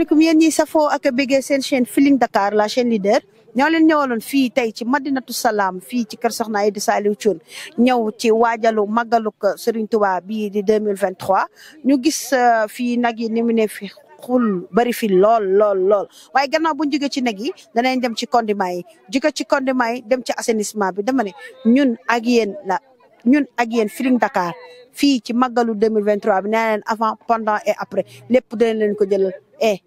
asalaamaaleykum yéen ñi safoo ak a béggee seen chaîne Feeling Dakar la chaîne leader ñoo leen ñëwaloon fii tey ci Madinatu Salaam fii ci kër Soxna Aïda Saliou Thioune ñëw ci waajalu màggaluk Serigne Touba bii di 2023 ñu gis euh, fii nag yi ni mu ne fi xul bari fi lool lool lool waaye gannaaw bu ñu jógee ci nag yi danañ dem ci condiment yi ci condiment yi dem ci assainissement bi dama ne ñun ak yéen la ñun ak yéen Feeling Dakar fii ci màggalu 2023 bi nee leen avant pendant et après lépp dinañ leen ko jëlal eh,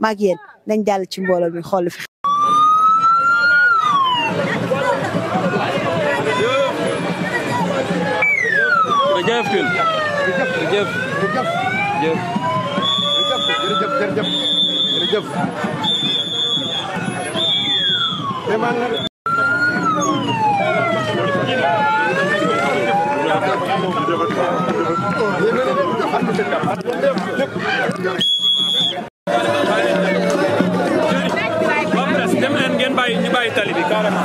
maag yéen nañ jàll ci mbooloo mi xool fi jërëjëf Kelle jërëjëf jërëjëf jërëjëf jërëjëf jërëjëf jërëjëf Thank you. tali bi carrément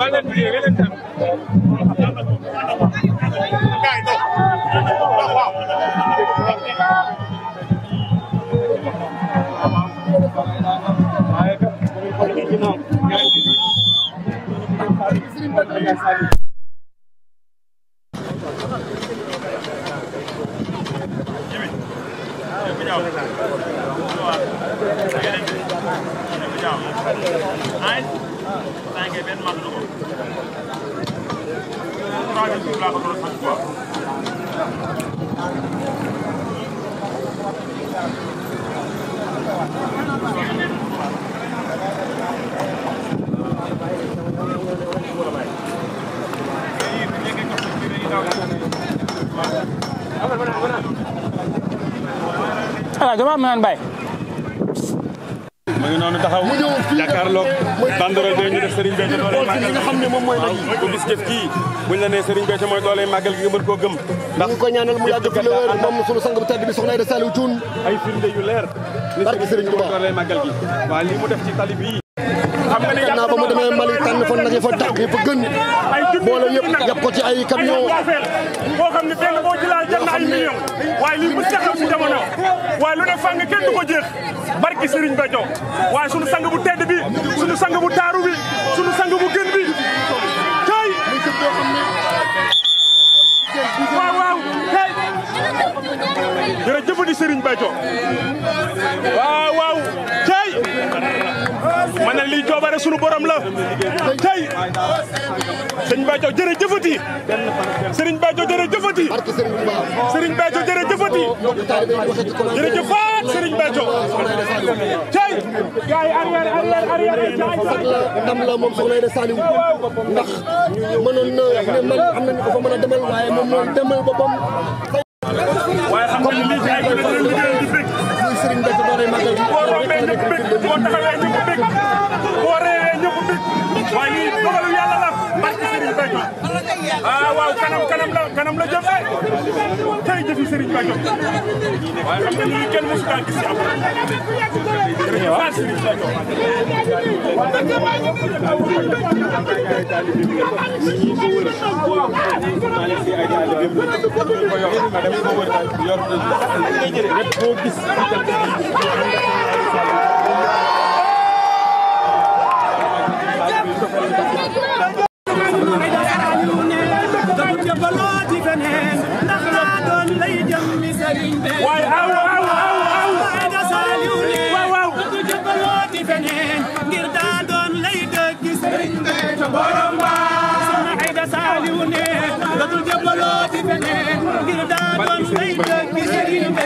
Balen Eins, danke, wenn man so. Frage zu Frage oder Faktor. Thank you. xalaat dama am naan bàyyi. mu ngi noonu taxaw jàkkaarloog banderole bi ñu def Serigne Béthio doole màggal nga xam ne moom mooy waaw ku gis jëf kii buñ la nee Serigne Béthio gëm ndax ko ñaanal mu yàgg fi la wér bu tedd bi soxna Aïda Saliou ay firnde yu leer li Serigne Béthio mooy doole màggal gi mu def ci tali naa ba mu demee Mali tànn fa nag fa dàq fa gën boole yëpp yàpp ko ci ay camion boo xam ne benn boo ci laal jël na ay million waaye a xam si jamono waaye lu ne fàng kenn du ko jeex barki Serigne Badio waaye sunu sang bu tedd bi sunu sang bu taaru bi sunu sang bu gën bi tey waaw waaw tey jërëjëf waaw waaw coobare sunu borom la tey sëriñ Béthio jërëjëfati sëriñ Béthio jërëjëfati sëriñ Béthio jërëjëfati jërëjëfaat sëriñ Béthio tey gars yi arrière arrière arrière la ndam la moom soxna Aida Saliou ndax mënoon na ne man am nañu ko fa mën a demal waaye moom noonu demal boppam waaye xam nga lii ci ay boo rombee ñëpp bëgg boo taxawee ñëpp bëgg boo reewee ñëpp bëgg waaye lii dogal Badio ah waaw kanam kanam la kanam la jëf tey jëfi Serigne Badio waaye xam nga lii kenn mosu kaa gis si am jërëjëf Serigne Badio leneen ndax naa doon lay jëm mi sëriñ be waay aw aw aw aw da saliw ne waaw waaw du jëkkaloo di feneen ngir daa doon lay dëgg sëriñ be to borom ba sama ay da saliw ne da du jëkkaloo di feneen ngir daa doon lay dëgg sëriñ be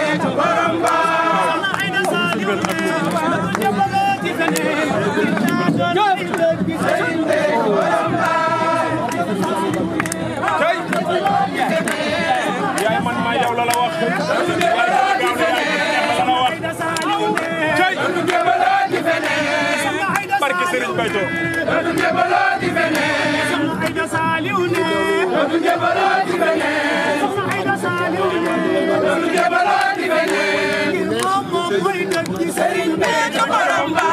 Serigne Bayto dootu njabaloo di feneen soxna Aida Saliou ne dootu njabaloo di feneen soxna Aida Saliou ne dootu njabaloo di feneen ngir moom moom mooy dëkk ci Serigne Bayto borom ba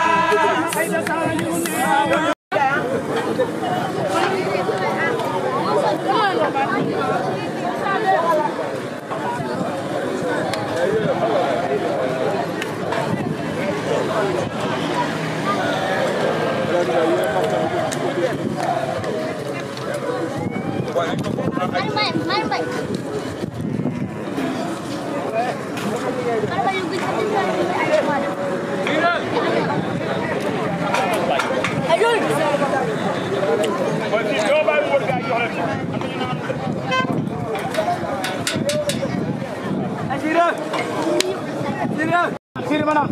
Aida Saliou ne Siri mana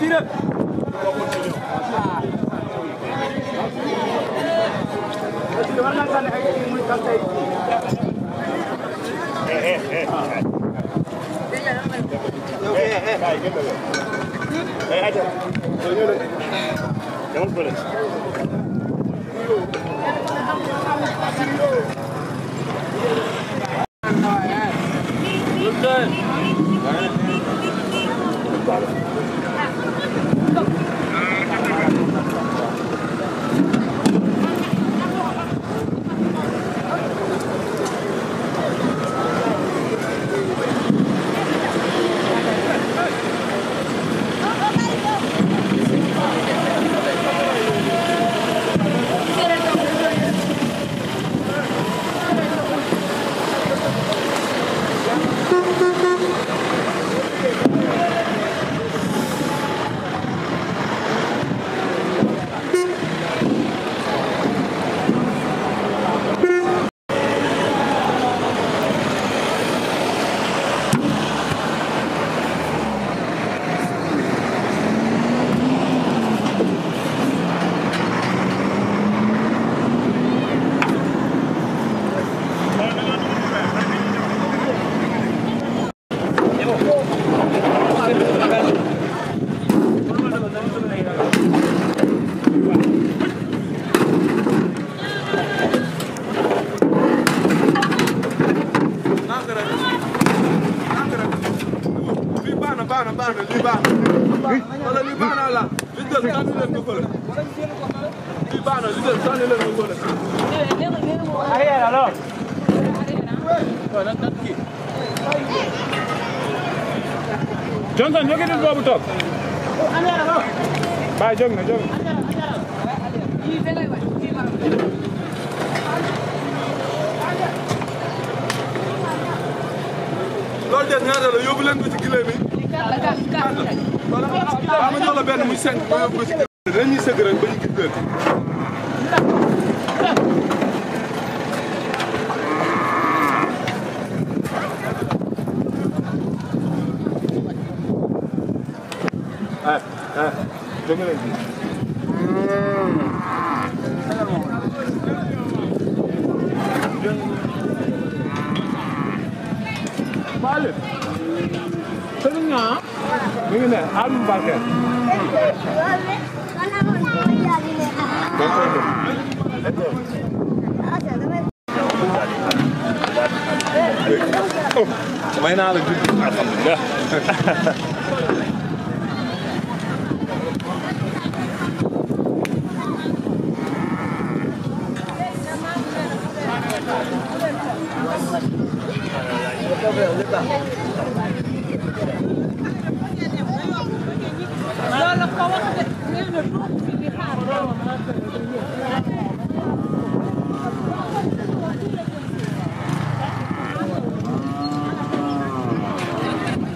Siri Good. All right. Sénégal baax na lii baax na wala lii baax naa na li na waaw ma jox la benn Alioune Mbarké. may naa la jur gi alhamdulilah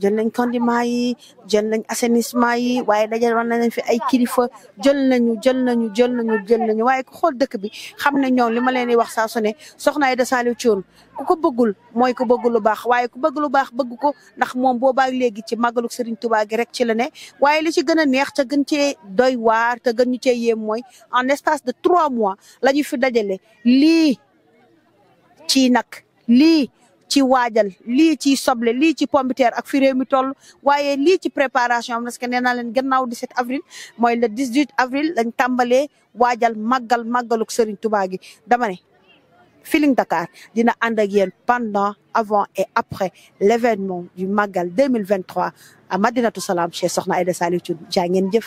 jël nañ condiment yi jël nañ assainissement yi waaye dajal war nañ fi ay kilifa jël nañu jël nañu jël nañu jël nañu waaye ku xool dëkk bi xam nañ ñoom li ma leen di wax saa su ne soxna Aïda Saliou Thioune ku ko bëggul mooy ku bëgg lu baax waaye ku bëgg lu baax bëgg ko ndax moom boobaa léegi ci màggalu Serigne Touba gi rek ci la ne waaye li ci gën a neex te gën cee doy waar te gën ñu cee yéem mooy en espace de trois mois la ñu fi dajale lii ci nag lii ci waajal lii ci soble lii ci pombiteer ak fi réew mi toll waaye lii ci préparation am parce que nee naa leen gannaaw 17 avril mooy le 18 avril lañ tàmbalee waajal màggal màggaluk Serigne Touba gi dama ne Feeling Dakar dina ànd ak yéen pendant avant et après l'événement du Magal 2023 à Madinatu Salaam chez Soxna Aïda Saliou Thioune jaa ngeen jëf